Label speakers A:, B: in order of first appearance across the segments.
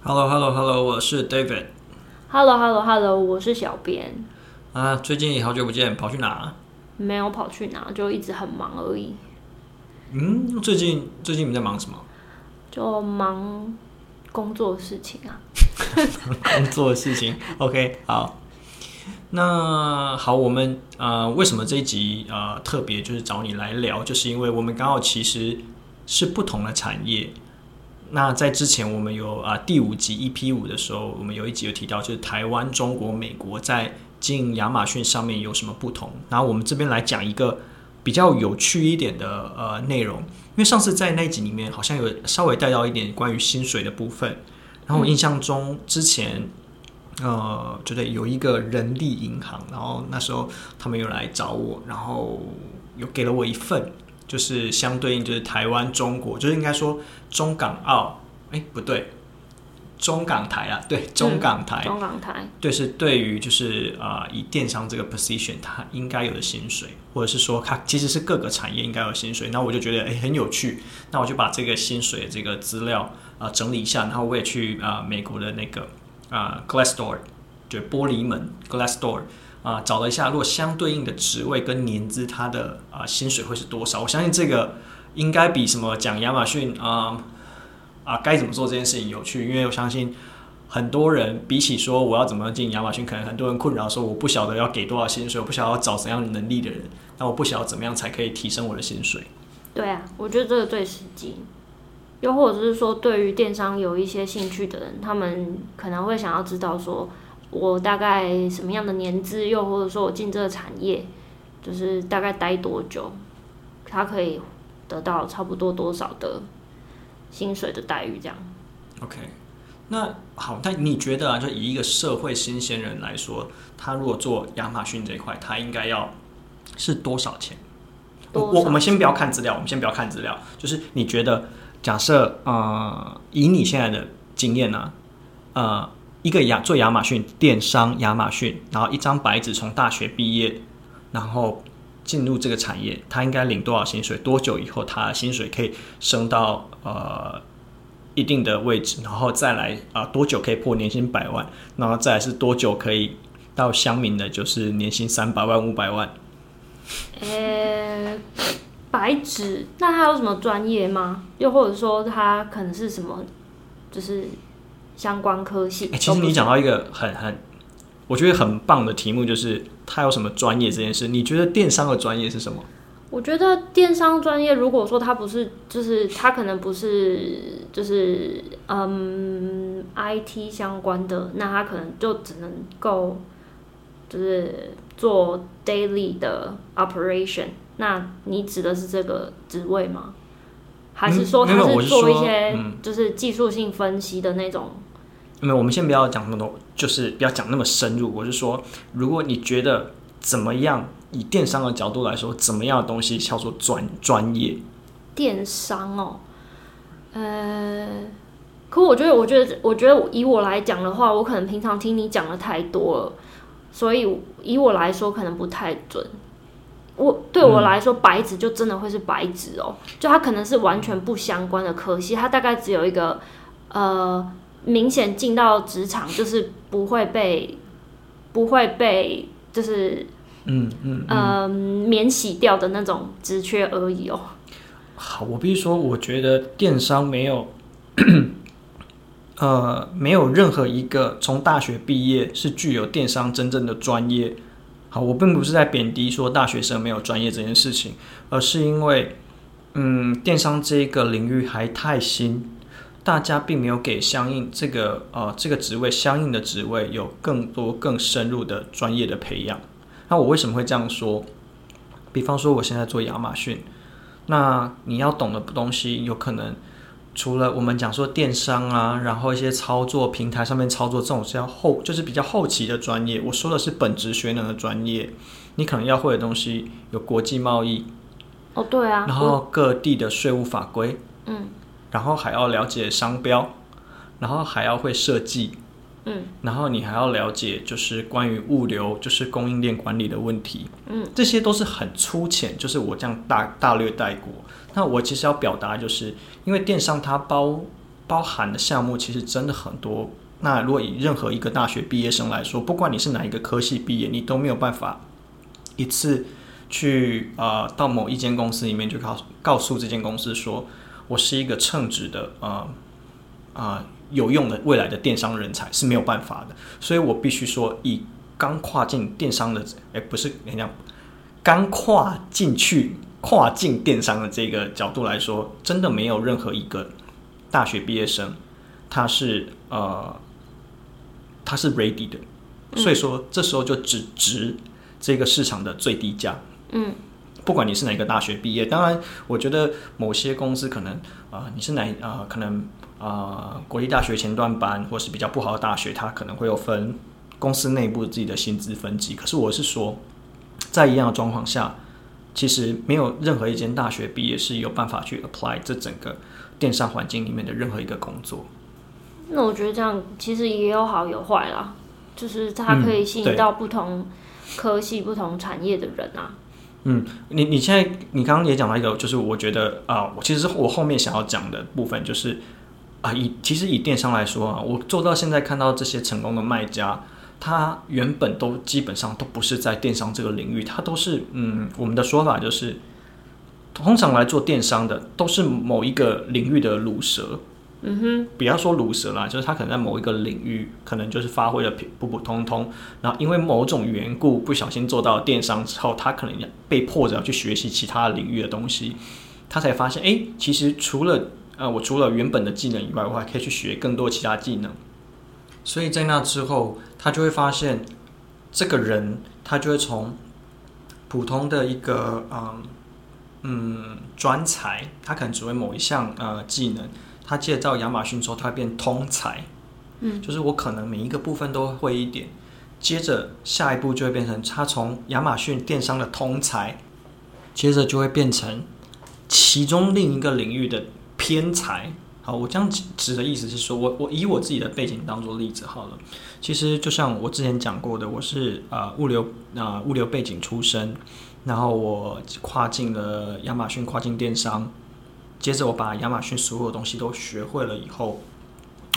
A: Hello, Hello, Hello！我是 David。
B: Hello, Hello, Hello！我是小編。
A: 啊，最近好久不見，跑去哪
B: 兒？沒有跑去哪兒，就一直很忙而已。
A: 嗯，最近最近你在忙什麼？
B: 就忙工作的事情啊。
A: 工 作事情，OK，好。那好，我們啊、呃，為什麼這一集啊、呃，特別就是找你來聊，就是因為我們剛好其實是不同的產業。那在之前，我們有啊第五集 EP 五的時候，我們有一集有提到，就是台灣、中國、美國在進亞馬遜上面有什麼不同。然後我們這邊來講一個比較有趣一點的呃內容，因為上次在那集裡面好像有稍微帶到一點關於薪水的部分。然後我印象中之前呃，就得有一個人力銀行，然後那時候他們又來找我，然後又給了我一份。就是相對應，就是台灣、中國，就是應該說中港澳，哎，不對，中港台啊，對，中港台、嗯，中
B: 港台，
A: 對，是對於就是啊、呃，以電商這個 position，它應該有的薪水，或者是說它其實是各個產業應該有薪水，那我就覺得哎很有趣，那我就把這個薪水這個資料啊、呃、整理一下，然後我也去啊、呃、美國的那個啊、呃、Glassdoor，就是玻璃門 Glassdoor。Glassdoor, 啊，找了一下，如果相對應的職位跟年資，他的啊薪水會是多少？我相信這個應該比什麼講亞馬遜啊啊該怎麼做這件事情有趣，因為我相信很多人比起說我要怎麼進亞馬遜，可能很多人困擾說我不曉得要給多少薪水，我不曉得要找怎樣能力的人，但我不曉得怎麼樣才可以提升我的薪水。
B: 對啊，我覺得這個最實際，又或者是說，對於電商有一些興趣的人，他們可能會想要知道說我大概什麼樣的年資，又或者說我進這個產業，就是大概待多久，他可以得到差不多多少的薪水的待遇？這樣。OK，那
A: 好，那你覺得啊，就以一個社會新鮮人來說，他如果做亞馬遜這一塊，他應該要是多少錢？多少錢？我我們先不要看資料，我們先不要看資料，就是你覺得，假設啊，呃，以你現在的經驗呢，啊，呃。一個亞做亞馬遜電商，亞馬遜，然後一張白紙，從大學畢業，然後進入這個產業，他應該領多少薪水？多久以後他薪水可以升到呃一定的位置？然後再來啊、呃，多久可以破年薪百萬？然後再來是多久可以到鄉民的，就是年薪三百萬、五百萬？
B: 欸，白紙，那他有什麼專業嗎？又或者說他可能是什麼？就是。相關科系。哎、欸，其實你
A: 講到一個很很，我覺得很棒的題目，就是他、嗯、有什麼專業這件事。你覺得電商的專業是什麼？
B: 我覺得電商專業，如果說他不是，就是他可能不是，就是嗯 IT 相關的，那他可能就只能夠就是做 daily 的 operation。那你指的是這個職位嗎？
A: 還是說他、嗯、是、是做一些
B: 就是技術性分析的那種？
A: 那我們先不要講那麼多，就是不要講那麼深入。我是說，如果你覺得怎麼樣，以電商的角度來說，怎麼樣的東西叫做專專業？
B: 電商哦，呃，可我覺得，我覺得，我覺得，以我來講的話，我可能平常聽你講的太多了，所以以我來說可能不太準。我對我來說，嗯、白紙就真的會是白紙哦，就它可能是完全不相關的。可惜它大概只有一個，呃。明顯進到職場，就是不會被不會被就是嗯嗯嗯、呃、免洗掉的那種職缺而已哦。
A: 好，我必須說，我覺得電商沒有， 呃，沒有任何一個從大學畢業是具有電商真正的專業。好，我並不是在貶低說大學生沒有專業這件事情，而是因為嗯，電商這個領域還太新。大家並沒有給相應這個呃、這個職位相應的職位有更多更深入的專業的培養。那我為什麼會這樣說？比方說我現在做亞馬遜，那你要懂的東西，有可能除了我們講說電商啊，然後一些操作平台上面操作這種是要後，就是比較後期的專業。我說的是本職學能的專業，你可能要會的東西有國際貿易。
B: 哦，對啊。然後
A: 各地的稅務法規。嗯。嗯然後還要了解商標，然後還要會設計，
B: 嗯，
A: 然後你還要了解就是關於物流，就是供應鏈管理的問題，嗯，這些都是很粗淺，就是我這樣大大略帶過。那我其實要表達就是，因為電商它包包含的項目其實真的很多。那如果以任何一個大學畢業生來說，不管你是哪一個科系畢業，你都沒有辦法一次去呃到某一間公司裡面去告訴告訴這間公司說，我是一個稱職的啊啊、呃呃、有用的未來的電商人才，是沒有辦法的，所以我必須說，以剛跨境電商的哎，不是人家講，剛跨進去跨境電商的這個角度來說，真的沒有任何一個大學畢業生他是呃他是 ready 的，嗯，所以說這時候就只值這個市場的最低價。嗯。不管你是哪個大學畢業，當然，我覺得某些公司可能啊、呃，你是哪啊、呃，可能啊、呃、國立大學前段班，或是比較不好的大學，它可能會有分公司內部自己的薪資分級。可是我是說，在一樣的狀況下，其實沒有任何一間大學畢業是有辦法去 apply 這整個電商環境裡面的任何一個工作。
B: 那我覺得這樣其實也有好有壞啦，就是它可以吸引到不同科系、嗯、不同產業的人啊。
A: 嗯，你你現在你剛剛也講了一個，就是我覺得啊，我、呃、其實我後面想要講的部分，就是啊，以、呃、其實以電商來說啊，我做到現在看到這些成功的賣家，他原本都基本上都不是在電商這個領域，他都是嗯，我們的說法就是，通常來做電商的都是某一個領域的魯蛇。嗯哼，不要說魯蛇啦，就是他可能在某一個領域，可能就是發揮了普普通通，然後因為某種緣故不小心做到電商之後，他可能被迫着去學習其他領域的東西，他才發現，哎，其實除了呃，我除了原本的技能以外，我還可以去學更多其他技能，所以在那之後，他就會發現這個人，他就會從普通的一個嗯嗯專才，他可能只會某一項呃技能。他介紹亞馬遜之後，他會變通才、嗯，就是我可能每一個部分都會一點，接着下一步就會變成他從亞馬遜電商的通才，接着就會變成其中另一個領域的偏才。好，我這樣指的意思是說，我我以我自己的背景當作例子好了。嗯、其實就像我之前講過的，我是、呃、物流啊、呃、物流背景出身，然後我跨進了亞馬遜跨境電商。接着我把亞馬遜所有的東西都學會了以後，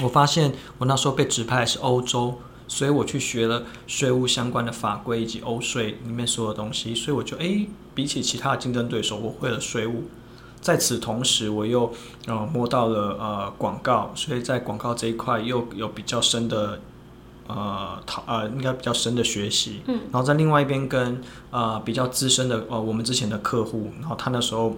A: 我發現我那時候被指派是歐洲，所以我去學了稅務相關的法規以及歐稅裡面所有的東西，所以我就哎，比起其他的競爭對手，我會了稅務。在此同時，我又呃摸到了呃廣告，所以在廣告這一塊又有比較深的呃討呃、啊、應該比較深的學習。嗯。然後在另外一邊跟呃比較資深的呃我們之前的客戶，然後他那時候。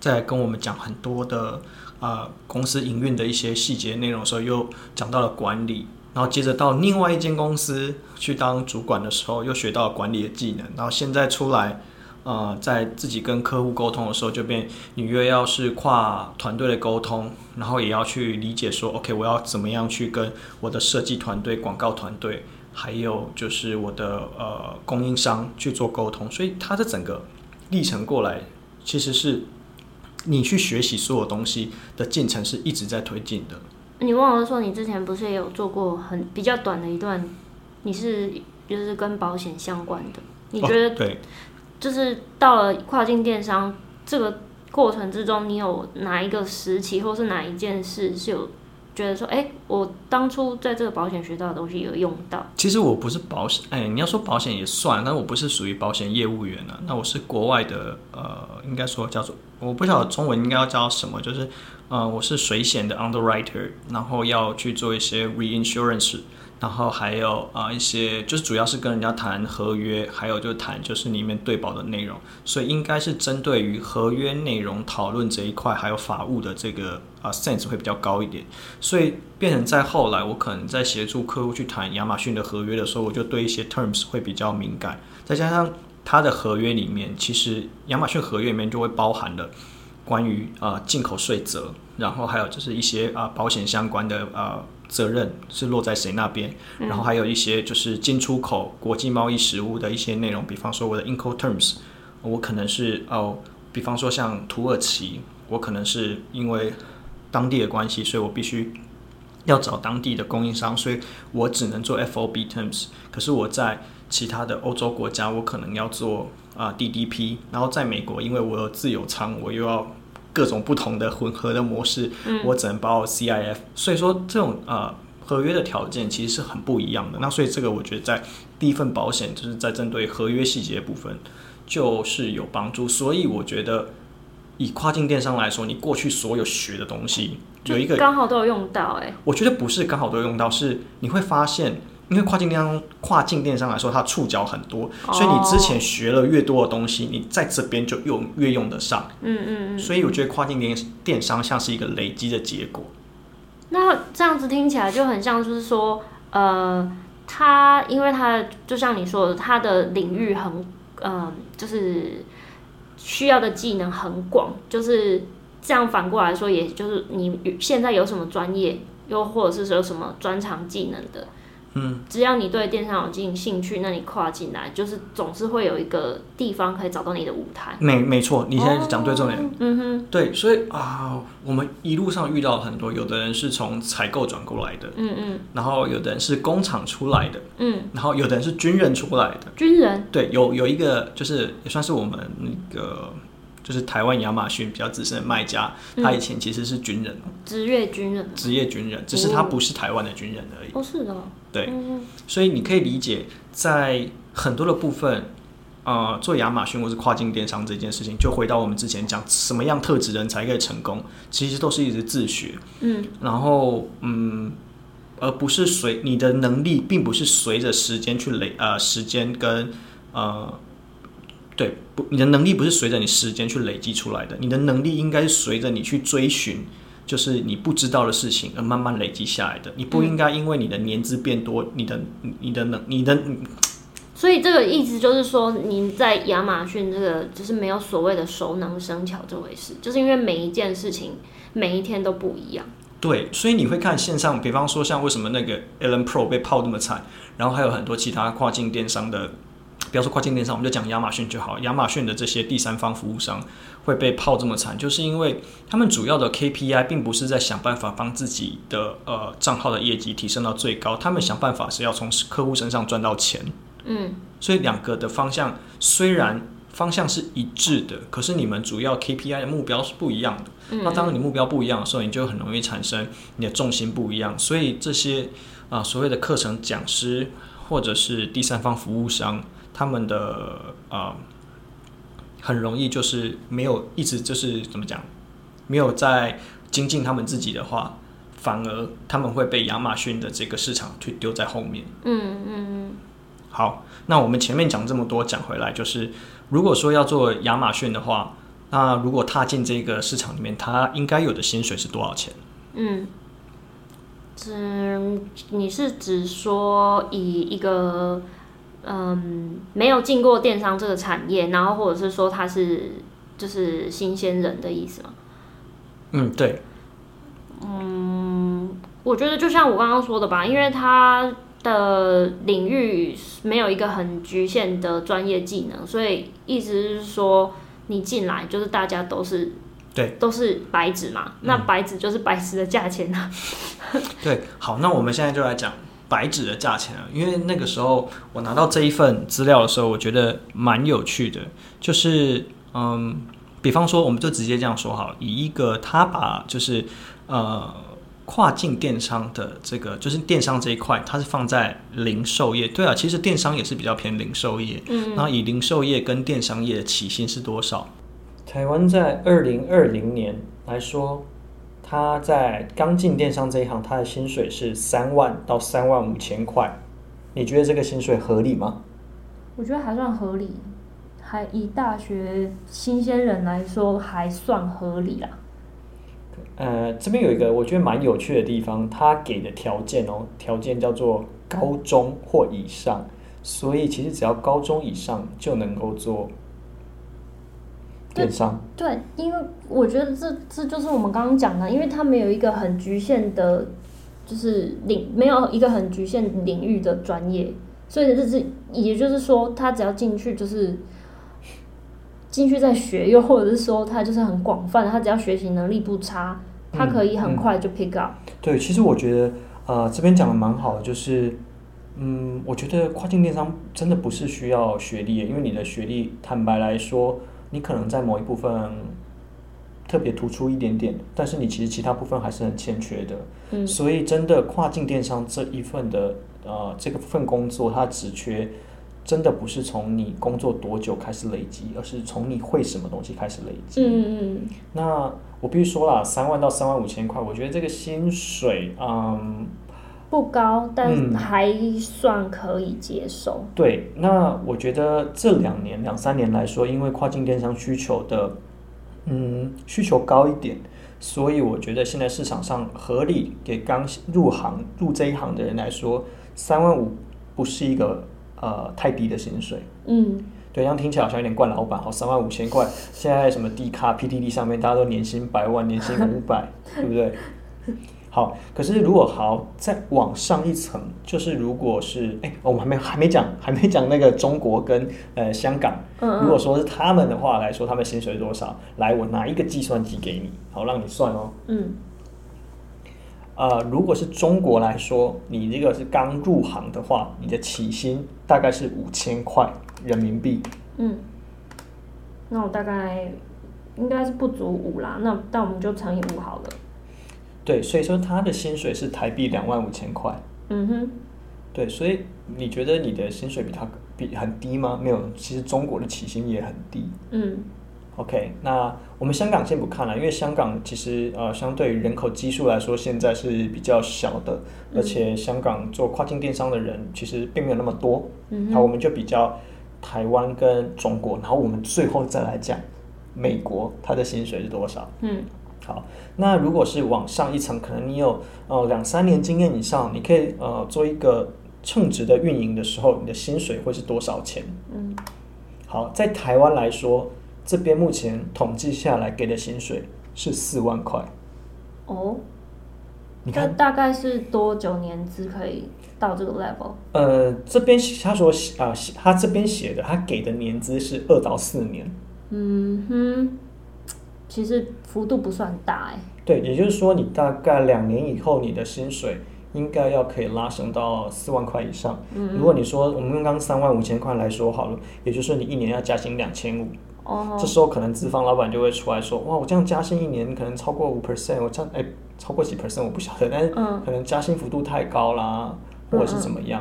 A: 在跟我們講很多的啊、呃，公司營運的一些細節內容的時候，又講到了管理，然後接着到另外一間公司去當主管的時候，又學到了管理的技能，然後現在出來，呃，在自己跟客戶溝通的時候，就變你約要是跨團隊的溝通，然後也要去理解說，OK，我要怎麼樣去跟我的設計團隊、廣告團隊，還有就是我的呃供應商去做溝通，所以他的整個歷程過來其實是。你去學習所有東西的進程是一直在推進的。
B: 你忘了說，你之前不是也有做過很比較短的一段，你是就是跟保險相關的。你覺得對，就是到了跨境電商這個過程之中，你有哪一個時期，或是哪一件事是有？覺得說，哎、欸，我當初在這個保險學到的東西有用到。
A: 其實我不是保險，哎，你要說保險也算，但我不是屬於保險業務員啊。那我是國外的，呃，應該說叫做，我不曉得中文應該要叫什麼、嗯，就是，呃，我是水險的 underwriter，然後要去做一些 reinsurance。然後還有啊一些，就是主要是跟人家談合約，還有就談就是裡面對保的內容，所以應該是針對於合約內容討論這一塊，還有法務的這個啊 sense 會比較高一點。所以變成在後來，我可能在協助客戶去談亞馬遜的合約的時候，我就對一些 terms 會比較敏感。再加上它的合約裡面，其實亞馬遜合約裡面就會包含了關於啊、呃、進口稅則，然後還有就是一些啊、呃、保險相關的啊。呃責任是落在誰那邊？然後還有一些，就是進出口國際貿易實務的一些內容，比方說我的 Incoterms 我可能是哦，比方說像土耳其，我可能是因為當地的關係，所以我必須要找當地的供應商，所以我只能做 FOB terms。可是我在其他的歐洲國家，我可能要做啊、呃、DDP。然後在美國，因為我有自有倉，我又要。各種不同的混合的模式，我只能報 CIF，嗯。所以說，這種呃合約的條件其實是很不一樣的。那所以這個我覺得在第一份保險，就是在針對合約細節部分就是有幫助。所以我覺得以跨境電商來說，你過去所有學的東西，嗯、有一個剛
B: 好都有用到，欸。
A: 哎，我覺得不是剛好都有用到，是你會發現。因為跨境電商跨境電商來說，它觸角很多，oh. 所以你之前學了越多的東西，你在這邊就用越用得上。
C: 嗯
B: 嗯嗯。所以我
A: 覺得跨境電商電商像是一個累積的結果。
B: 那這樣子聽起來就很像，就是說，呃，他因為他就像你說的，他的領域很，嗯、呃，就是需要的技能很廣。就是這樣，反過來，來說，也就是你現在有什麼專業，又或者是有什麼專長技能的。嗯，只要你對電商有進興趣，那你跨進來，就是總是會有一個地方可以找到你的舞台。
A: 沒，沒錯，你現在講對重點。哦、嗯
B: 哼，
A: 對，所以啊，我們一路上遇到很多，有的人是從採購轉過來的，嗯嗯，然後有的人是工廠出來的，嗯，然後有的人是軍人出來的。軍人對，有有一個就是也算是我們那個。就是台灣亞馬遜比較資深的賣家、嗯，他以前其實是軍人，
B: 職業軍人，
A: 職業軍人、嗯，只是他不是台灣的軍人而已。哦，
B: 是的，對、嗯，
A: 所以你可以理解，在很多的部分，呃，做亞馬遜或是跨境電商這件事情，就回到我們之前講什麼樣特質人才可以成功，其實都是一直自學，嗯，然後嗯，而不是隨你的能力，並不是隨着時間去累，呃，時間跟呃。對，你的能力不是隨着你時間去累積出來的，你的能力應該是隨着你去追尋，就是你不知道的事情而慢慢累積下來的。你不應該因為你的年資變多，你的、你的能、你的。
B: 所以這個意思就是說，你在亞馬遜這個就是沒有所謂的熟能生巧這回事，就是因為每一件事情、每一天都不一樣。
A: 對，所以你會看線上，比方說像為什麼那個 Ellen Pro 被泡那麼慘，然後還有很多其他跨境電商的。比如說跨境電商，我們就講亞馬遜就好。亞馬遜的這些第三方服務商會被泡這麼慘，就是因為他們主要的 KPI 並不是在想辦法幫自己的呃賬號的業績提升到最高，他們想辦法是要從客戶身上賺到錢。嗯，所以兩個的方向雖然方向是一致的，可是你們主要 KPI 的目標是不一樣的，
C: 嗯。那當你
A: 目標不一樣的時候，你就很容易產生你的重心不一樣。所以這些啊、呃、所謂的課程講師或者是第三方服務商。他們的呃，很容易就是沒有一直就是怎麼講，沒有在精進他們自己的話，反而他們會被亞馬遜的這個市場推丟在後面。嗯
C: 嗯。
A: 好，那我們前面講這麼多，講回來就是，如果說要做亞馬遜的話，那如果踏進這個市場裡面，他應該有的薪水是多少錢？嗯。
B: 嗯，你是指說以一個？嗯，沒有進過電商這個產業，然後或者是說他是就是新鮮人的意思嗎？嗯，
A: 對。
B: 嗯，我覺得就像我剛剛說的吧，因為他的領域沒有一個很局限的專業技能，所以意思是說你進來就是大家都是對，都是白紙嘛。嗯。那白紙就是白紙的價錢啊。
A: 對，好，那我們現在就來講。白紙的價錢啊，因為那個時候我拿到這一份資料的時候，我覺得蠻有趣的，就是嗯，比方說，我們就直接這樣說好，以一個他把就是呃跨境電商的這個就是電商這一塊，它是放在零售業，對啊，其實電商也是比較偏零售業，嗯，嗯，然後以零售業跟電商業的起薪是多少？台灣在二零二零年來說。他在剛進電商這一行，他的薪水是三萬到三萬五千塊，你覺得這個薪水合理嗎？
B: 我覺得還算合理，還以大學新鮮人來說還算合理啦。
A: 呃，這邊有一個我覺得蠻有趣的地方，他給的條件哦，條件叫做高中或以上，嗯，所以其實只要高中以上就能夠做。電商
B: 對，對，因為我覺得這這就是我們剛剛講的，因為他沒有一個很局限的，就是領沒有一個很局限領域的專業，所以這是也就是說，他只要進去就是進去再學，又或者是說他就是很廣泛的，他只要學習能力不差，他可以很快就 pick up。嗯嗯。
A: 對，其實我覺得呃這邊講的蠻好的，就是嗯，我覺得跨境電商真的不是需要學歷，因為你的學歷坦白來說。你可能在某一部分特別突出一點點，但是你其實其他部分還是很欠缺的。嗯，所以真的跨境電商這一份的呃這個份工作，它的職缺真的不是從你工作多久開始累積，而是從你會什麼東西開始累
C: 積。
B: 嗯
A: 嗯。那我必須說啦，三萬到三萬五千塊，我覺得這個薪水，嗯。
B: 不高，但還算可以接受。嗯、
A: 對，那我覺得這兩年兩三年來說，因為跨境電商需求的，嗯，需求高一點，所以我覺得現在市場上合理給剛入行入這一行的人來說，三萬五不是一個呃太低的薪水。
C: 嗯，
A: 對，這樣聽起來好像有點慣老闆。好，三萬五千塊， 現在什麼 D 卡 PDD 上面，大家都年薪百萬，年薪五百，對不對？好，可是如果好再往上一層，就是如果是哎、欸哦，我們還沒還沒講，還沒講那個中國跟呃香港嗯嗯，如果說是他們的話來說，他們薪水是多少？來，我拿一個計算機給你，好讓你算哦。嗯、呃。如果是中國來說，你這個是剛入行的話，你的起薪大概是五千塊人民幣。嗯。
B: 那我大概應該是不足五啦，那那我們就乘以五好了。
A: 對，所以說他的薪水是台幣兩萬五千塊。嗯哼，對，所以你覺得你的薪水比他比很低嗎？沒有，其實中國的起薪也很低。
C: 嗯
A: ，OK，那我們香港先不看了，因為香港其實呃，相對於人口基數來說，現在是比較小的，嗯，而且香港做跨境電商的人其實並沒有那麼多。好，嗯，我們就比較台灣跟中國，然後我們最後再來講美國他的薪水是多少？嗯。好，那如果是往上一層，可能你有呃兩三年經驗以上，你可以呃做一個稱職的運營的時候，你的薪水會是多少錢？嗯，好，在台灣來說，這邊目前統計下來給的薪水是四萬塊。哦，你看
B: 大概是多久年資可以到這個 level？
A: 呃，這邊他說啊，呃，他這邊寫的，他給的年資是二到四年。嗯
B: 哼。其實幅度不算大，哎、欸。
A: 對，也就是說，你大概兩年以後，你的薪水應該要可以拉升到四萬塊以上。嗯，如果你說我們用剛三萬五千塊來說好了，也就是說你一年要加薪兩千五。哦。這時候可能資方老板就會出來說：“哇，我這樣加薪一年可能超過五 percent，我這樣，哎、欸，超過幾 percent 我不曉得，但是可能加薪幅度太高啦，嗯，或者是怎麼樣。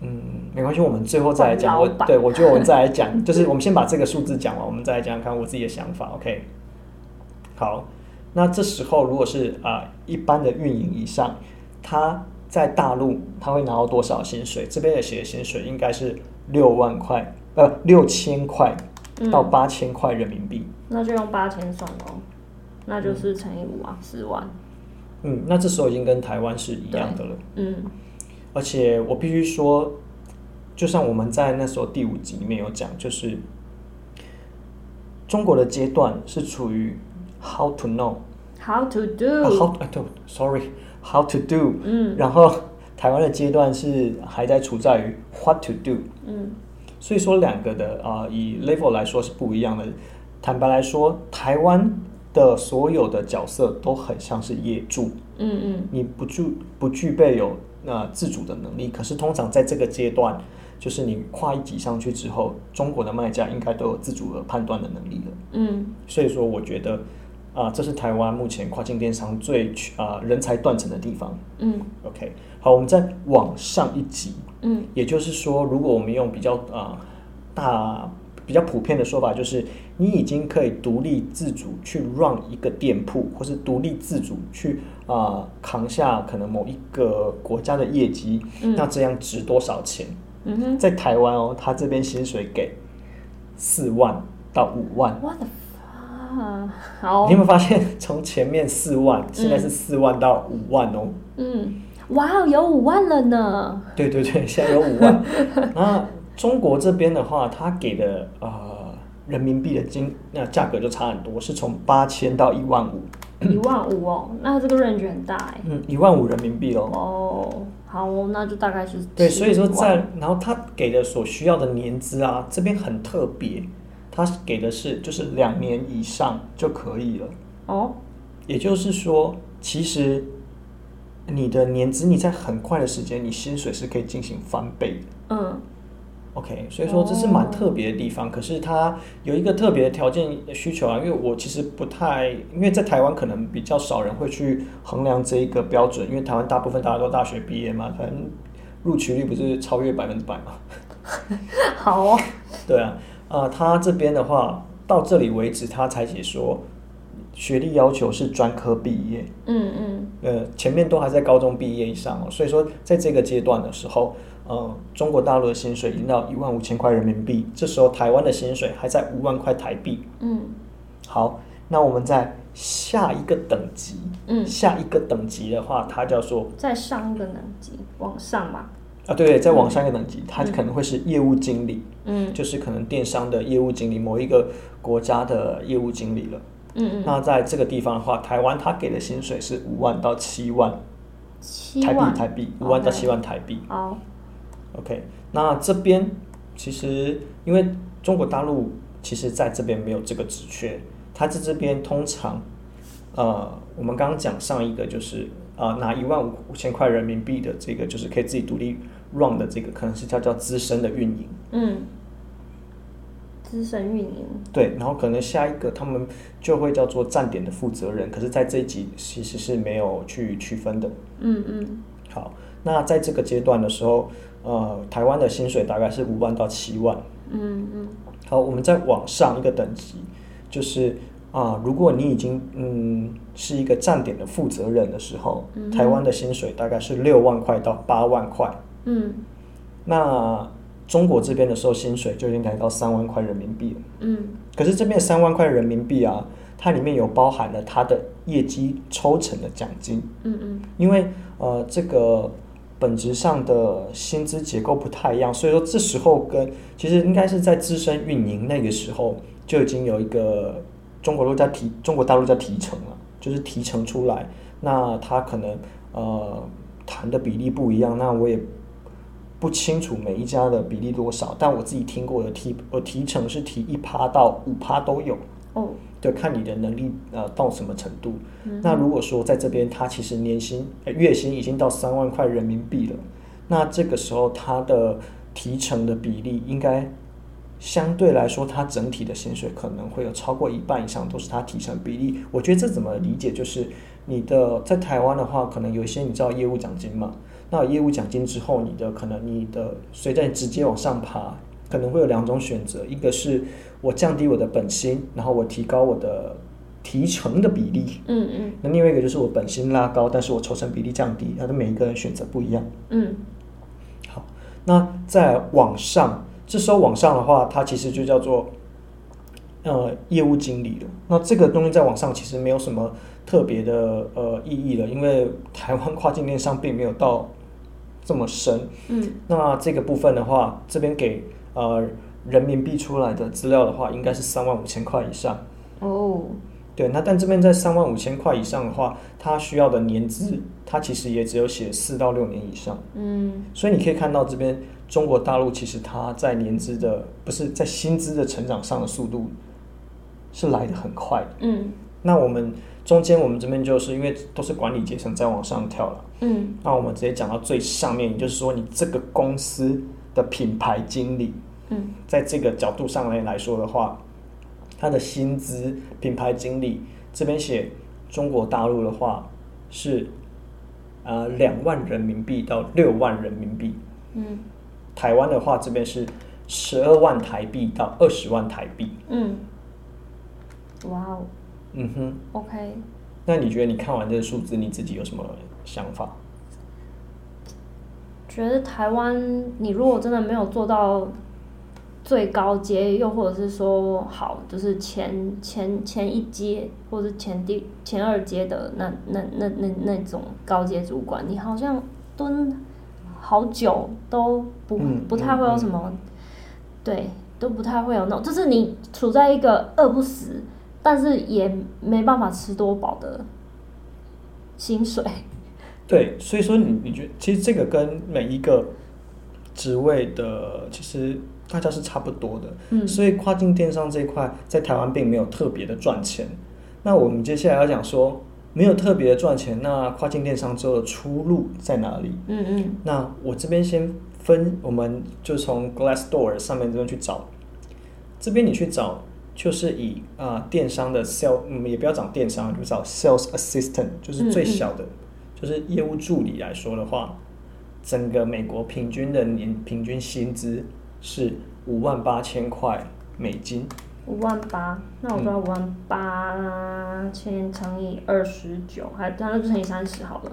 A: 嗯”
C: 嗯。
A: 沒關係，我們最後再來講。我對我覺得我們再來講， 就是我們先把這個數字講完，我們再來講講看我自己的想法。OK，好。那這時候如果是啊、呃、一般的運營以上，他在大陸他會拿到多少薪水？這邊也寫薪水應該是六萬塊，呃，六千塊到八千塊人民幣、嗯。
B: 那就用八千算了，那就是乘以五啊，四、嗯、萬。
A: 嗯，那這時候已經跟台灣是一樣的了。嗯，而且我必須說。就像我們在那時候第五集裡面有講，就是中國的階段是處於 how to
B: know，how to do，how、
A: uh, to sorry how to do，嗯，然後台灣的階段是還在處在於 what to do，嗯，所以說兩個的啊、呃、以 level 來說是不一樣的。坦白來說，台灣的所有的角色都很像是業助，嗯嗯，你不具不具備有那、呃、自主的能力，可是通常在這個階段。就是你跨一級上去之後，中國的賣家應該都有自主的判斷的能力了。嗯，所以說我覺得啊、呃，這是台灣目前跨境電商最啊、呃、人才斷層的地方。嗯，OK，好，我們再往上一級。嗯，也就是說，如果我們用比較啊、呃、大比較普遍的說法，就是你已經可以獨立自主去 run 一個店鋪，或是獨立自主去啊、呃、扛下可能某一個國家的業績、嗯，那這樣值多少錢？Mm -hmm. 在台灣哦，他這邊薪水給四萬到五萬。
B: 我的媽！你有沒有發
A: 現從前面四萬、嗯，現在是四萬到五萬哦？嗯，
B: 哇、wow, 有五萬了呢。
A: 對對對，現在有五萬。 那中國這邊的話，他給的呃人民幣的金那價格就差很多，是從八千到一萬五。
B: 一、 嗯、萬五哦，那這個 range 很大
A: 嗯，一萬五人民幣哦。哦。
B: 好哦，那就大概是對，所以說在，
A: 然後他給的所需要的年資啊，這邊很特別，他給的是就是兩年以上就可以
C: 了。
A: 哦，也就是說，其實你的年資，你在很快的時間，你薪水是可以進行翻倍的。嗯。OK，所以說，這是蠻特別的地方，oh. 可是他有一個特別的條件需求啊，因為我其實不太，因為在台灣可能比較少人會去衡量這一個標準，因為台灣大部分大家都大學畢業嘛，反正錄取率不是超越百分之百嘛？
B: 好啊、
A: 哦。對啊，啊、呃，他這邊的話到這裡為止寫，他才寫說學歷要求是專科畢業。
B: 嗯
A: 嗯。呃，前面都還在高中畢業以上哦，所以說在這個階段的時候。嗯、呃，中國大陸的薪水已經到一萬五千塊人民幣，這時候台灣的薪水還在五萬塊台幣。嗯，好，那我們在下一個等級，嗯，下一個等級的話，它叫做
B: 在上一個等級往上吧？
A: 啊，對，再往上一個等級、嗯，它可能會是業務經理，嗯，就是可能電商的業務經理，某一個國家的業務經理了。嗯，嗯，那在這個地方的話，台灣他給的薪水是五萬到七萬台幣，萬台幣，台幣五萬到七萬台幣。Okay. OK，那這邊其實因為中國大陸其實在這邊沒有這個職缺，他在這邊通常，呃，我們剛剛講上一個就是呃拿一萬五千塊人民幣的這個就是可以自己獨立 run 的這個，可能是叫做資深的運營，嗯，
B: 資深運營，
A: 對，然後可能下一個他們就會叫做站點的負責人，可是，在這一集其實是沒有去區分的，嗯嗯，好，那在這個階段的時候。呃，台灣的薪水大概是五萬到七萬。嗯嗯。好，我們再往上一個等級，就是啊、呃，如果你已經嗯是一個站點的負責人的時候，嗯、台灣的薪水大概是六萬塊到八萬塊。嗯。那中國這邊的時候，薪水就已經來到三萬塊人民幣了。嗯。可是這邊三萬塊人民幣啊，它裡面有包含了它的業績抽成的獎金。嗯嗯。因為呃這個。本質上的薪資結構不太一樣，所以說這時候跟其實應該是在資深運營那個時候就已經有一個中國大陸在提，中國大陸在提成了，就是提成出來，那他可能呃談的比例不一樣，那我也不清楚每一家的比例多少，但我自己聽過的提呃提成是提一趴到五趴都有。哦。看你的能力，呃，到什麼程度。嗯。那如果說在這邊，他其實年薪，呃、月薪已經到三萬塊人民幣了，那這個時候他的提成的比例，應該相對來說，他整體的薪水可能會有超過一半以上都是他提成的比例。我覺得這怎麼理解？就是你的在台灣的話，可能有一些你知道業務獎金嘛？那業務獎金之後，你的可能你的隨着你直接往上爬。可能會有兩種選擇，一個是我降低我的本薪，然後我提高我的提成的比例。嗯嗯。那另外一個就是我本薪拉高，但是我抽成比例降低。他的每一個人選擇不一樣。嗯。好，那再往上，這時候往上的話，它，其實就叫做呃業務經理了。那這個東西在往上其實沒有什麼特別的呃意義了，因為台灣跨境電商並沒有到這麼深。嗯。那這個部分的話，這邊給。呃，人民幣出來的資料的話，應該是三萬五千塊以上。哦、
C: oh.，
A: 對，那但這邊在三萬五千塊以上的話，它需要的年資、嗯，它其實也只有寫四到六年以上。
C: 嗯，
A: 所以你可以看到這邊中國大陸其實它在年資的不是在薪資的成長上的速度是來得很快。嗯，那我們中間我們這邊就是因為都是管理階層在往上跳
C: 了。
A: 嗯，那我們直接講到最上面，也就是說你這個公司的品牌經理。嗯，在這個角度上來來說的話，他的薪資品牌經理這邊寫中國大陸的話是，呃，兩萬人民幣到六萬人民幣。嗯，台灣的話這邊是十二萬台幣到二十萬台幣。嗯，
B: 哇哦。嗯哼。
A: OK。那你覺得你看完這個數字，你自己有什麼想法？
B: 覺得台灣，你如果真的沒有做到。最高階，又或者是說好，就是前前前一階，或者前第前二階的那那那那那，那種高階主管，你好像蹲好久都不、嗯、不太會有什麼、嗯嗯，對，都不太會有那種，就是你處在一個餓不死，但是也沒辦法吃多飽的薪水對。
A: 對，所以說你你覺得，其實這個跟每一個職位的其實。大家是差不多的，所以跨境電商這一塊在台灣並沒有特別的賺錢，嗯。那我們接下來要講說沒有特別的賺錢，那跨境電商之後的出路在哪裡？嗯嗯。那我這邊先分，我們就從 Glassdoor 上面這邊去找。這邊你去找，就是以啊、呃、電商的 sell，嗯，也不要找電商，就找 sales assistant，就是最小的嗯嗯，就是業務助理來說的話，整個美國平均的年平均薪資，是五萬八千塊美金，
B: 五萬八，那我算五萬八千乘以二十九，還，那就乘以三十好了。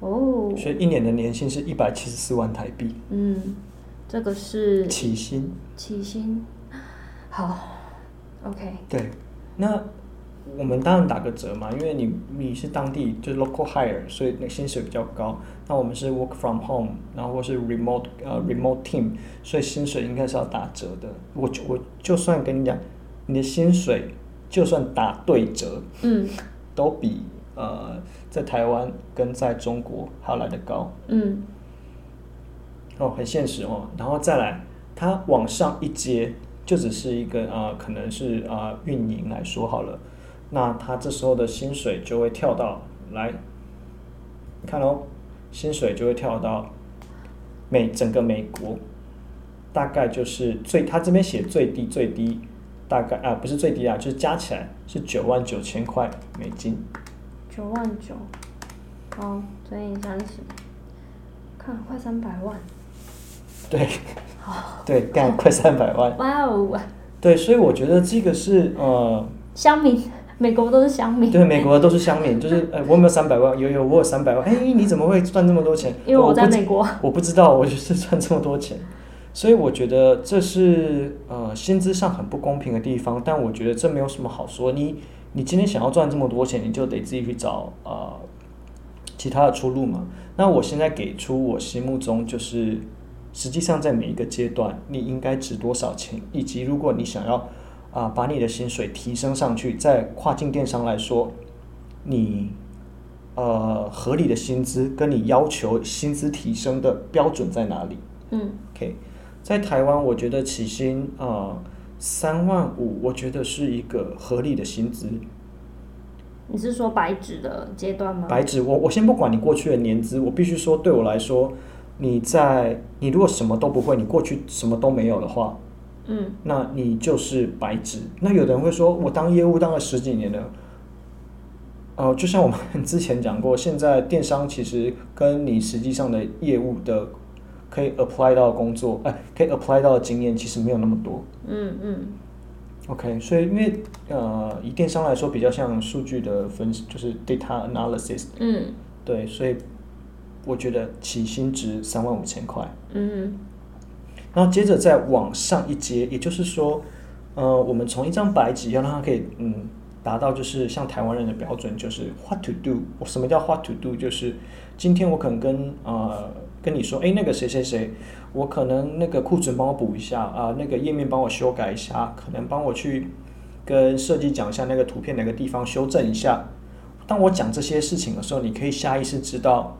B: 哦、oh，所以一
A: 年的年薪是一百七十四萬台幣。嗯，
B: 這個是起薪，起薪，好，OK。對，那。
A: 我們當然打個折嘛，因為你你是當地就 local hire，所以那薪水比較高。那我們是 work from home，然後是 remote 呃、uh, remote team，所以薪水應該是要打折的。我我就算跟你講，你的薪水就算打對折，嗯，都比呃在台灣跟在中國還要來得高，嗯。哦，很現實哦。然後再來，它往上一階，就只是一個呃，可能是呃運營來說好了。那他這時候的薪水就會跳到來，你看咯、哦，薪水就會跳到美整個美國大概就是最他這邊寫最低最低大概啊不是最低啊就是加起來是九萬九千塊美金，
B: 九萬九哦，所以你想起看快三百萬，
A: 對，哦、對，幹快三百萬、哦哦，哇哦，對，所以我覺得這個是呃，
B: 香米。美國都是香米。對，美
A: 國都是香米， 就是，呃、欸，我有沒有三百萬，有有，我有三百萬，誒、欸，你怎麼會賺這麼多錢？因為我在美國。我不，我不知道，我就是賺這麼多錢，所以我覺得這是呃薪資上很不公平的地方，但我覺得這沒有什麼好說。你，你今天想要賺這麼多錢，你就得自己去找呃其他的出路嘛。那我現在給出我心目中就是，實際上在每一個階段你應該值多少錢，以及如果你想要。啊，把你的薪水提升上去，在跨境電商來說，你呃合理的薪資跟你要求薪資提升的標準在哪裡？嗯，OK，在台灣我覺得起薪呃三萬五，我覺得是一個合理的薪資。
B: 你是說白紙的階段嗎？白紙，
A: 我我先不管你過去的年資，我必須說，對我來說，你在你如果什麼都不會，你過去什麼都沒有的話。嗯， 那你就是白紙。那有的人會說，我當業務當了十幾年了，哦、呃，就像我們之前講過，現在電商其實跟你實際上的業務的可以 apply 到工作，哎、呃，可以 apply 到經驗其實沒有那麼多。嗯嗯。OK，所以因為呃，以電商來說，比較像數據的分析，就是 data analysis。嗯。對，所以我覺得起薪值三萬五千塊。嗯。然後接着再往上一階，也就是說，呃，我們從一張白紙要讓它可以，嗯，達到就是像台灣人的標準，就是 what to do。什麼叫 what to do？就是今天我可能跟呃跟你說，哎，那個誰誰誰，我可能那個庫存幫我補一下啊、呃，那個頁面幫我修改一下，可能幫我去跟設計講一下那個圖片哪個地方修正一下。當我講這些事情的時候，你可以下意識知道。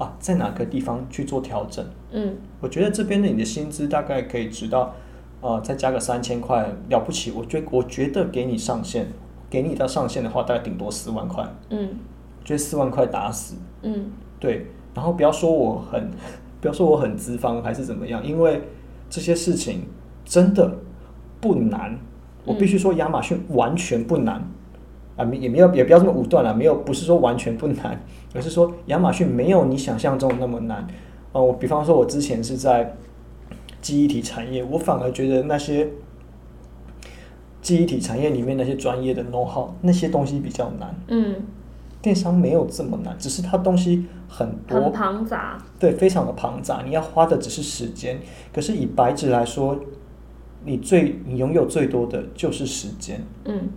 A: 啊，在哪個地方去做調整？嗯，我覺得這邊的你的薪資大概可以值到，呃，再加個三千塊了不起。我覺得，我覺得給你上限，給你到上限的話，大概頂多四萬塊。
C: 嗯，
A: 就四萬塊打死。嗯，對。然後不要說我很，不要說我很資方還是怎麼樣，因為這些事情真的不難。嗯，我必須說，亞馬遜完全不難。嗯，啊，也沒有，也不要這麼武斷了，啊，沒有，不是說完全不難。而是說，亞馬遜沒有你想象中那麼難哦，呃。我比方說，我之前是在記憶體產業，我反而覺得那些記憶體產業裡面那些專業的 know how 那些東西比較難。嗯，電商沒有這麼難，只是它東西很多，很
B: 龐雜，
A: 對，非常的龐雜。你要花的只是時間，可是以白紙來說，你最你擁有最多的就是時間。嗯，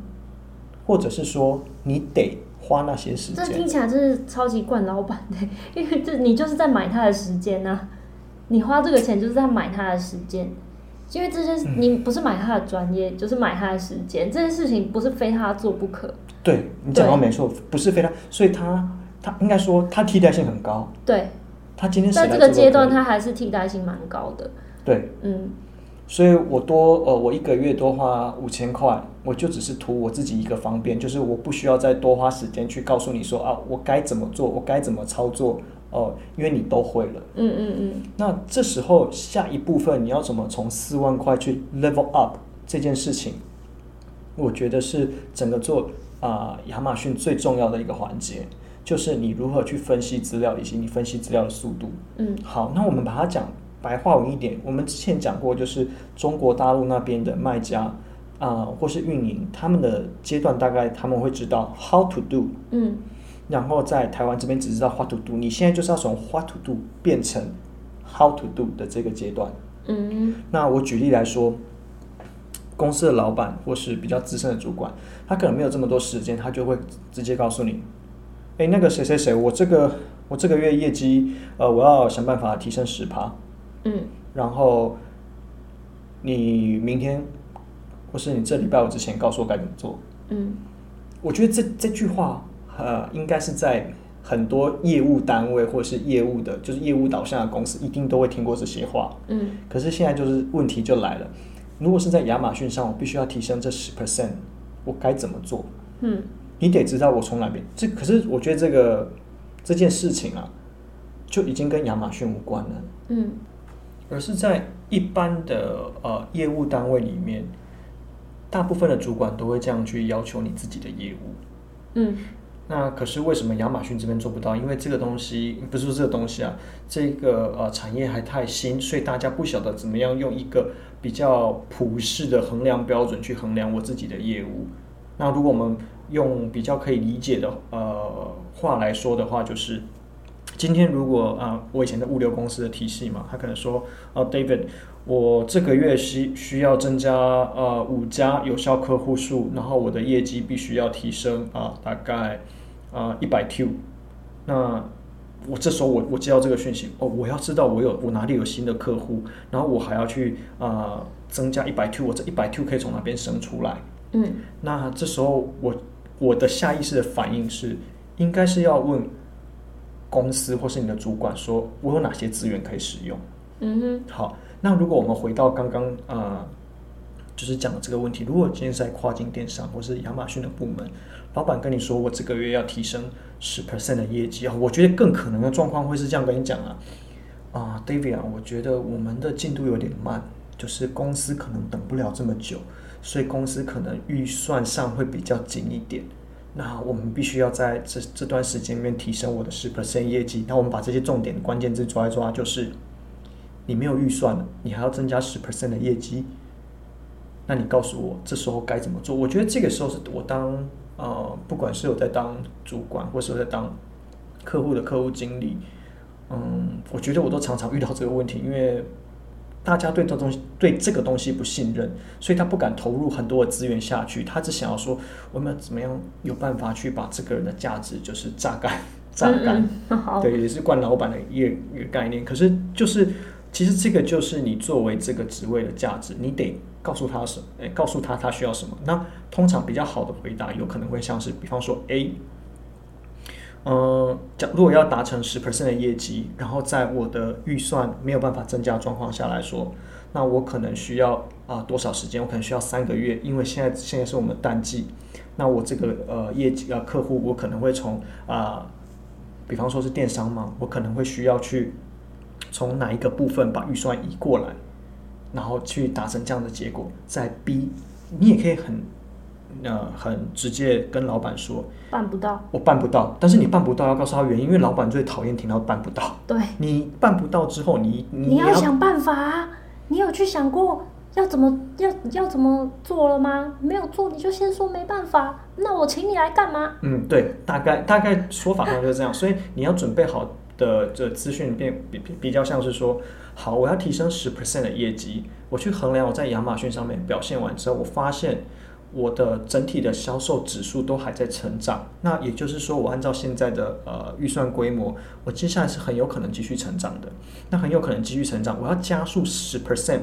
A: 或者是說，你得。花那些時間，這聽起來
B: 真是超級慣老板的，因為這你就是在買他的時間啊，你花這個錢就是在買他的時間， 因為這些你不是買他的專業、嗯，就是買他的時間，這件事情不是非他做不可。
A: 對，你講到沒錯，不是非他，所以他他應該說他替代性很高。對，他今天在這個階段，
B: 他還是替代性蠻高的。
A: 對，嗯。所以，我多呃，我一個月多花五千塊，我就只是圖我自己一個方便，就是我不需要再多花時間去告訴你說啊，我該怎麼做，我該怎麼操作，哦、呃，因為你都會了。
C: 嗯嗯嗯。
A: 那這時候下一部分你要怎麼從四萬塊去 level up 這件事情，我覺得是整個做啊、呃、亞馬遜最重要的一個環節，就是你如何去分析資料以及你分析資料的速度。嗯。好，那我們把它講。白話文一點，我們之前講過，就是中國大陸那邊的賣家啊、呃，或是運營，他們的階段大概他們會知道 how to do，嗯，然後在台灣這邊只知道 what to do，你現在就是要從 what to do 變成 how to do 的這個階段，嗯，那我舉例來說，公司的老闆或是比較資深的主管，他可能沒有這麼多時間，他就會直接告訴你，誒、欸，那個誰誰誰，我這個我這個月業績呃，我要想辦法提升十趴。嗯，然後你明天或是你這禮拜五之前告訴我該怎麼做。嗯，我覺得這這句話，呃，應該是在很多業務單位或是業務的，就是業務導向的公司，一定都會聽過這些話。嗯，可是現在就是問題就來了，如果是在亞馬遜上，我必須要提升這十 percent，我該怎麼做？嗯，你得知道我從來沒。這可是我覺得這個這件事情啊，就已經跟亞馬遜無關了。嗯。可是在一般的呃業務單位裡面，大部分的主管都會這樣去要求你自己的業務。嗯，那可是為什麼亞馬遜這邊做不到？因為這個東西不是說這個東西啊，這個呃產業還太新，所以大家不曉得怎麼樣用一個比較普世的衡量標準去衡量我自己的業務。那如果我們用比較可以理解的呃話來說的話，就是。今天如果啊、呃，我以前的物流公司的體系嘛，他可能說，啊、呃、David 我這個月需需要增加呃五家有效客戶數，然後我的業績必須要提升啊、呃，大概啊一百 two。那我這時候我我接到這個訊息，哦，我要知道我有我哪裡有新的客戶，然後我還要去啊、呃、增加一百 two，我這一百 two 可以從哪邊生出來？嗯，那這時候我我的下意識的反應是，應該是要問。公司或是你的主管說：“我有哪些資源可以使用？”
C: 嗯哼，
A: 好。那如果我們回到剛剛啊、呃，就是講的這個問題，如果今天在跨境電商或是亞馬遜的部門，老板跟你說：“我這個月要提升十 percent 的業績啊！”我覺得更可能的狀況會是這樣跟你講啊，啊，David 啊，David，我覺得我們的進度有點慢，就是公司可能等不了這麼久，所以公司可能預算上會比較緊一點。那我們必須要在這這段時間裡面提升我的十 percent 業績。那我們把這些重點的關鍵字抓一抓，就是你沒有預算了，你還要增加十 percent 的業績，那你告訴我這時候該怎麼做？我覺得這個時候是我當呃，不管是我在當主管，或是我在當客戶的客戶經理，嗯，我覺得我都常常遇到這個問題，因為，大家對這東西對這個東西不信任，所以他不敢投入很多的資源下去，他只想要說我們要怎麼樣有辦法去把這個人的價值就是榨乾榨乾、嗯，對，也是慣老闆的一個一個概念。可是就是其實這個就是你作為這個職位的價值，你得告訴他什麼，哎，告訴他他需要什麼。那通常比較好的回答有可能會像是，比方說 A。嗯、呃，假如果要達成十 percent 的業績，然後在我的預算沒有辦法增加狀況下來說，那我可能需要啊、呃、多少時間？我可能需要三個月，因為現在現在是我們的淡季。那我這個呃業績呃客戶，我可能會從啊、呃，比方說是電商嘛，我可能會需要去從哪一個部分把預算移過來，然後去達成這樣的結果。在 B，你也可以很。呃，很直接跟老闆說，
B: 辦不到，
A: 我辦不到。但是你辦不到，要告訴他原因，嗯、因為老闆最討厭聽到辦不到。對，你辦不到之後你，你你要想
B: 辦法、啊。你有去想過要怎麼要要怎麼做了嗎？沒有做，你就先說沒辦法。那我請你來幹嘛？
A: 嗯，對，大概大概說法上就是這樣。 所以你要準備好的這資訊變比，比比比較像是說，好，我要提升十 percent 的業績。我去衡量我在亞馬遜上面表現完之後，我發現。我的整體的銷售指數都還在成長，那也就是說，我按照現在的呃預算規模，我接下來是很有可能繼續成長的。
C: 那很有可
A: 能繼續成長，我要加速十 percent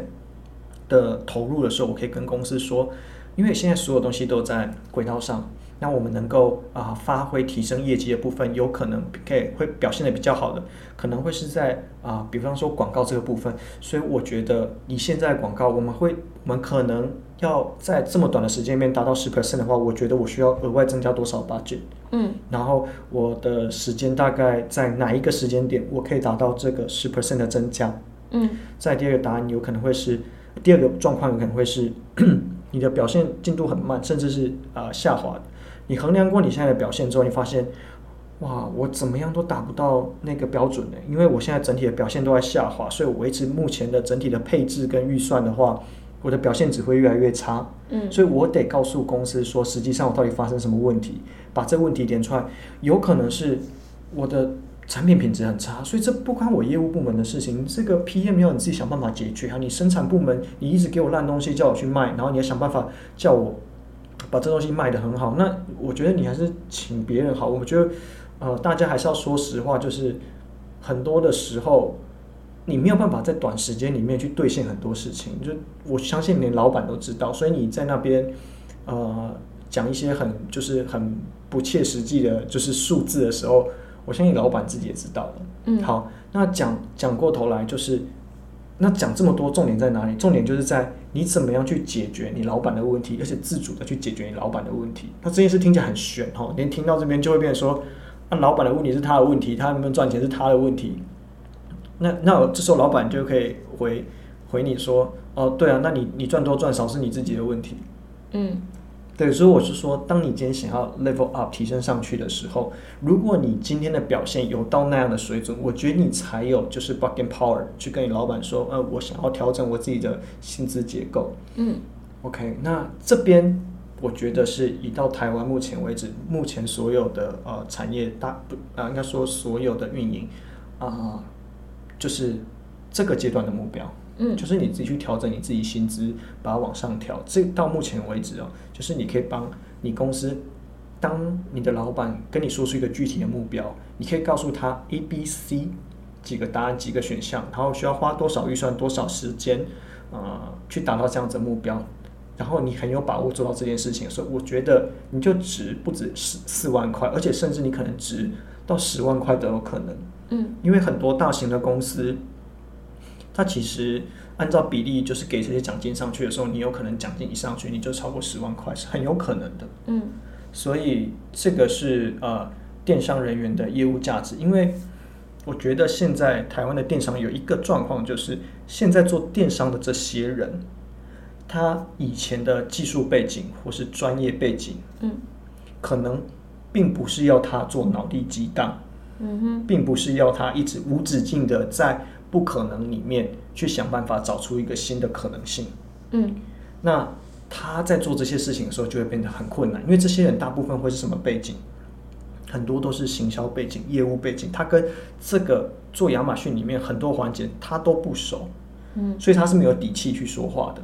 A: 的投入的時候，我可以跟公司說，因為現在所有東西都在軌道上。那我們能夠啊、呃、發揮提升業績的部分，有可能可以會表現得比較好的，可能會是在啊、呃，比方說廣告這個部分。所以我覺得你現在廣告，我們會我們可能要在這麼短的時間裡面達到十 percent 的話，我覺得我需要額外增加多少 budget？嗯，然後我的時間大概在哪一個時間點我可以達到這個十 percent 的增加？嗯，再第二個答案有可能會是第二個狀況有可能會是 你的表現進度很慢，甚至是啊、呃、下滑你衡量過你現在的表現之後，你發現，哇，我怎麼樣都達不到那個標準的，因為我現在整體的表現都在下滑，所以我維持目前的整體的配置跟預算的話，我的表現只會越來越差。嗯，所以我得告訴公司說，實際上我到底發生什麼問題，把這個問題點出來，有可能是我的產品品質很差，所以這不關我業務部門的事情，這個 PM 要你自己想辦法解決，還你生產部門，你一直給我爛東西叫我去賣，然後你要想辦法叫我。把這東西賣得很好，那我覺得你還是請別人好。我覺得，呃，大家還是要說實話，就是很多的時候，你沒有辦法在短時間裡面去兌現很多事情。就我相信連老闆都知道，所以你在那邊，呃，講一些很就是很不切實際的，就是數字的時候，我相信老闆自己也知道。嗯，好，那講講過頭來就是。那講這麼多，重點在哪裡？重點就是在你怎麼樣去解決你老闆的問題，而且自主地去解決你老闆的問題。他這件事聽起來很玄哈，連聽到這邊就會變成說，那、啊、老闆的問題是他的問題，他能不能賺錢是他的問題。那那這時候老闆就可以回回你說，哦，對啊，那你你賺多賺少是你自己的問題。
C: 嗯。
A: 對，所以我是說，當你今天想要 level up 提升上去的時候，如果你今天的表現有到那樣的水準，我覺得你才有就是 bargaining power 去跟你老板說，呃，我想要調整我自己的薪資結構。嗯，OK，那這邊我覺得是以到台灣目前為止，目前所有的呃產業大不啊，應該說所有的運營啊、呃，就是這個階段的目標。嗯，就是你自己去調整你自己薪資，把它往上調。這到目前為止哦、啊，就是你可以幫你公司，當你的老板跟你說出一個具體的目標，你可以告訴他 A、B、C 幾個答案、幾個選項，然後需要花多少預算、多少時間啊、呃，去達到這樣子的目標。然後你很有把握做到這件事情的時候，我覺得你就值不止十四萬塊，而且甚至你可能值到十萬塊都有可能。嗯，因為很多大型的公司。他其實按照比例，就是給這些獎金上去的時候，你有可能獎金一上去，你就超過十萬塊是很有可能的。嗯，所以這個是呃電商人員的業務價值，因為我覺得現在台灣的電商有一個狀況，就是現在做電商的這些人，他以前的技術背景或是專業背景，嗯，可能並不是要他做腦力激盪，
C: 嗯，並
A: 不是要他一直無止境的在。不可能裡面去想辦法找出一個新的可能性，嗯，那他在做這些事情的時候就會變得很困難，因為這些人大部分會是什麼背景？很多都是行銷背景、業務背景，他跟這個做亞馬遜裡面很多環節他都不熟，嗯，所以他是沒有底氣去說話的。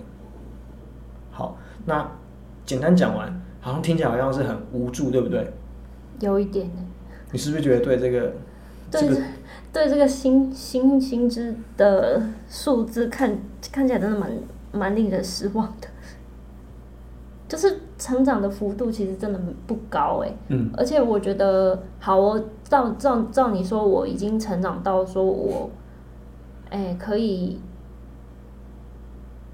A: 好，那簡單講完，好像聽起來好像是很無助，對不對？
B: 有一點呢，
A: 你是不是覺得對這個？
B: 對，對這個薪薪薪資的數字看，看看起來真的蠻蠻令人失望的，就是成長的幅度其實真的不高誒，嗯、而且我覺得，好、哦，照照照你說，我已經成長到說我，誒可以。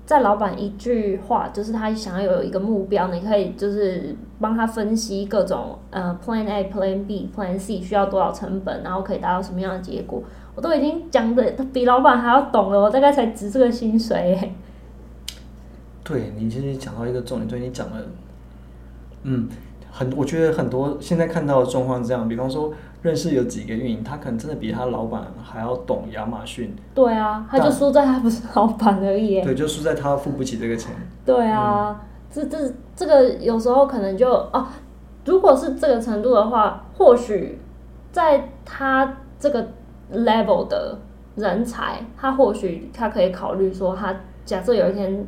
B: 在老闆一句話，就是他想要有一個目標，你可以就是幫他分析各種呃，Plan A、Plan B、Plan C 需要多少成本，然後可以達到什麼樣的結果。我都已經講的比老闆還要懂了，我大概才值這個薪水。
A: 對，你其實講到一個重點，對你講了，嗯，很，我覺得很多現在看到的狀況是這樣，比方說。認識有幾個運營，他可能真的比他老板還要懂亞馬遜。
B: 對啊，他就輸在他不是老板而已。對，就
A: 輸在他付不起這個錢。
B: 對啊，嗯、這這這個有時候可能就哦、啊，如果是這個程度的話，或許在他這個 level 的人才，他或許他可以考慮說，他假設有一天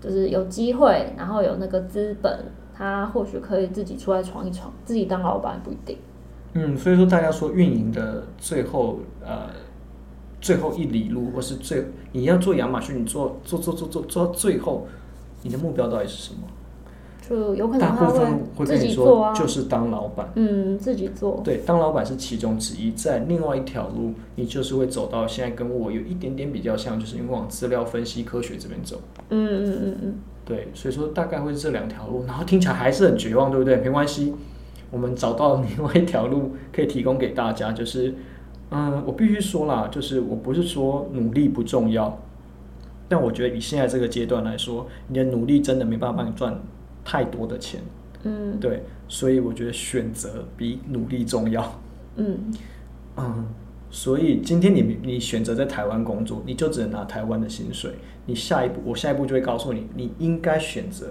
B: 就是有機會，然後有那個資本，他或許可以自己出來闖一闖，自己當老板不一定。
A: 嗯，所以說大家說運營的最後，呃，最後一里路，或是最，你要做亞馬遜，你做做做做做到做最後，你的目標到底是什麼？
B: 就有可能、啊、大部分會跟你說，就
A: 是當老闆。嗯，
B: 自己做。對，
A: 當老闆是其中之一，在另外一條路，你就是會走到現在跟我有一點點比較像，就是因為往資料分析科學這邊走。嗯嗯嗯嗯。對，所以說大概會是這兩條路，然後聽起來還是很絕望，對不對？沒關係。我們找到了另外一條路可以提供給大家，就是，嗯，我必須說啦，就是我不是說努力不重要，但我覺得以現在這個階段來說，你的努力真的沒辦法幫你賺太多的錢，嗯，對，所以我覺得選擇比努力重要，嗯，嗯，所以今天你你選擇在台灣工作，你就只能拿台灣的薪水，你下一步我下一步就會告訴你，你應該選擇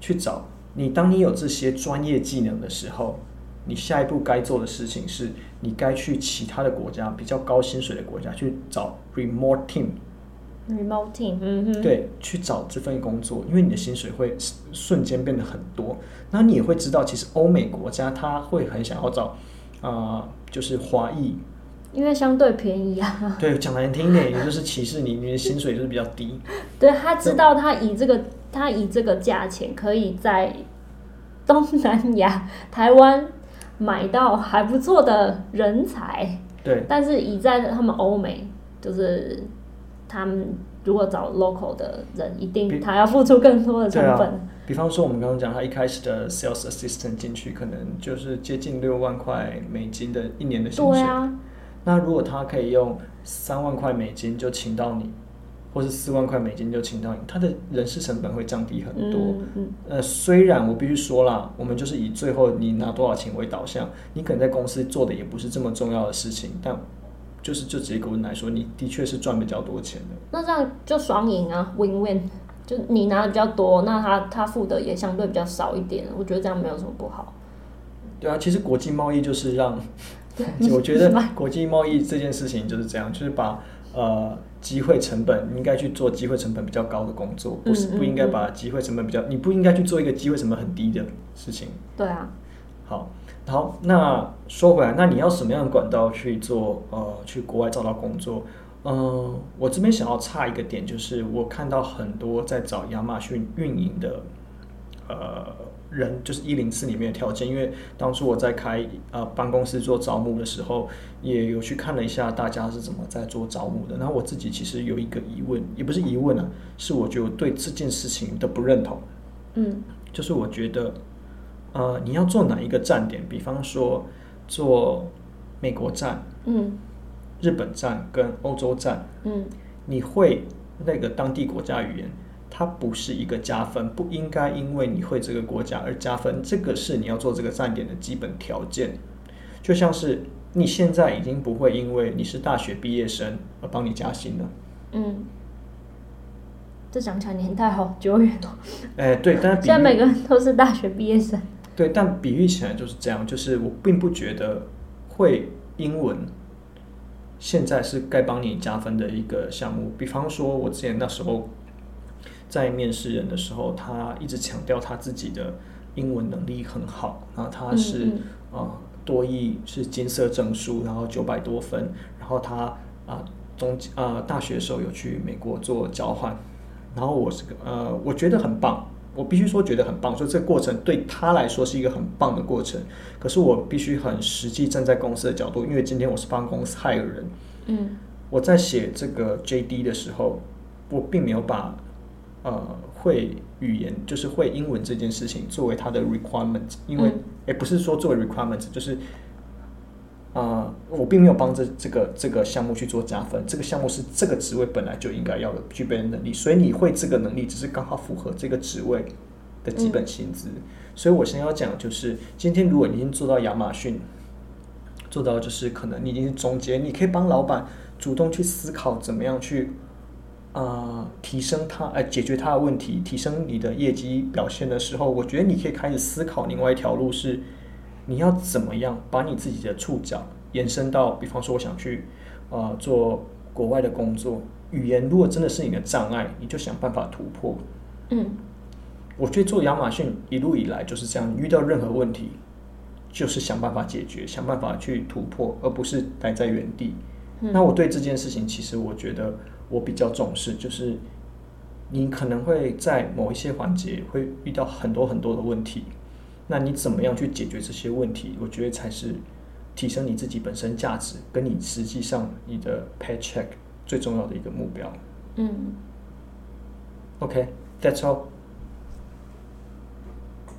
A: 去找你，當你有這些專業技能的時候。你下一步該做的事情是你該去其他的國家，比較高薪水的國家去找 remote
B: team，remote team，嗯哼，對，
A: 去找這份工作，因為你的薪水會瞬間變得很多。那你也會知道，其實歐美國家他會很想要找啊、呃，就是華裔，
B: 因為相對便宜啊。
A: 對，講難聽一點，也就是歧視你， 你的薪水就是比較低。
B: 對，他知道，他以這個，他以這個價錢可以在東南亞、台灣。買到還不錯的人才，對，但是以在他們歐美，就是他們如果找 local 的人，一定他要付出更多的成本。
A: 比,、對啊、比方說，我們剛剛講他一開始的 sales assistant 進去，可能就是接近六萬塊美金的一年的薪水。對啊、那如果他可以用三萬塊美金就請到你，或是四萬塊美金就請到你，他的人事成本會降低很多。嗯嗯。呃，雖然我必須說啦，我們就是以最後你拿多少錢為導向，你可能在公司做的也不是這麼重要的事情，但就是就結果來說，你的確是賺比較多錢的。
B: 那這樣就雙贏啊，win win。就你拿的比較多，那他他付的也相對比較少一點，我覺得這樣沒有什麼不好。
A: 對啊，其實國際貿易就是讓，
B: 我覺得
A: 國際貿易這件事情就是這樣，就是把呃。機會成本，你應該去做機會成本比較高的工作，不是不應該把機會成本比較，嗯嗯嗯，你不應該去做一個機會成本很低的事情。對啊。好，好，那說回來，那你要什麼樣的管道去做？呃，去國外找到工作？嗯、呃，我這邊想要插一個點，就是我看到很多在找亞馬遜運營的。呃，人就是一零四裡面的條件，因為當初我在開呃辦公室做招募的時候，也有去看了一下大家是怎麼在做招募的。然後我自己其實有一個疑問，也不是疑問啊，是我就對這件事情的不認同。嗯，就是我覺得，呃，你要做哪一個站點？比方說做美國站，嗯，日本站跟歐洲站，嗯，你會那個當地國家語言。它不是一個加分，不應該因為你會這個國家而加分。這個是你要做這個站點的基本條件。就像是你現在已經不會因為你是大學畢業生而幫你加薪了。
B: 嗯，這講起來年代好久遠了。
A: 哎，對，但比現在每個
B: 人都是大學畢業生。
A: 對，但比喻起來就是這樣。就是我並不覺得會英文現在是該幫你加分的一個項目。比方說，我之前那時候。在面試人的時候，他一直強調他自己的英文能力很好。然後他是啊、嗯嗯呃，多益是金色證書，然後九百多分。然後他啊、呃，中啊、呃，大學時候有去美國做交換。然後我是呃，我覺得很棒，我必須說覺得很棒。所以這個過程對他來說是一個很棒的過程。可是我必須很實際站在公司的角度，因為今天我是幫公司 hire 人。嗯，我在寫這個 J D 的時候，我並沒有把。呃，會語言就是會英文這件事情作為他的 requirement，因為也、嗯欸、不是說作為 requirement，就是，呃，我並沒有幫這這個這個項目去做加分，這個項目是這個職位本來就應該要具備的能力，所以你會這個能力只是剛好符合這個職位的基本薪資。嗯、所以我先要講就是，今天如果你已經做到亞馬遜，做到就是可能你已經是總監，你可以幫老板主動去思考怎麼樣去。呃，提升他呃，解決他的問題，提升你的業績表現的時候，我覺得你可以開始思考另外一條路是，你要怎麼樣把你自己的觸角延伸到，比方說我想去啊、呃、做國外的工作，語言如果真的是你的障礙，你就想辦法突破。嗯，我覺得做亞馬遜一路以來就是這樣，遇到任何問題就是想辦法解決，想辦法去突破，而不是待在原地。嗯、那我對這件事情，其實我覺得。我比較重視，就是你可能會在某一些環節會遇到很多很多的問題，那你怎麼樣去解決這些問題？我覺得才是提升你自己本身價值，跟你實際上你的 paycheck 最重要的一個目標。嗯。Okay, that's all.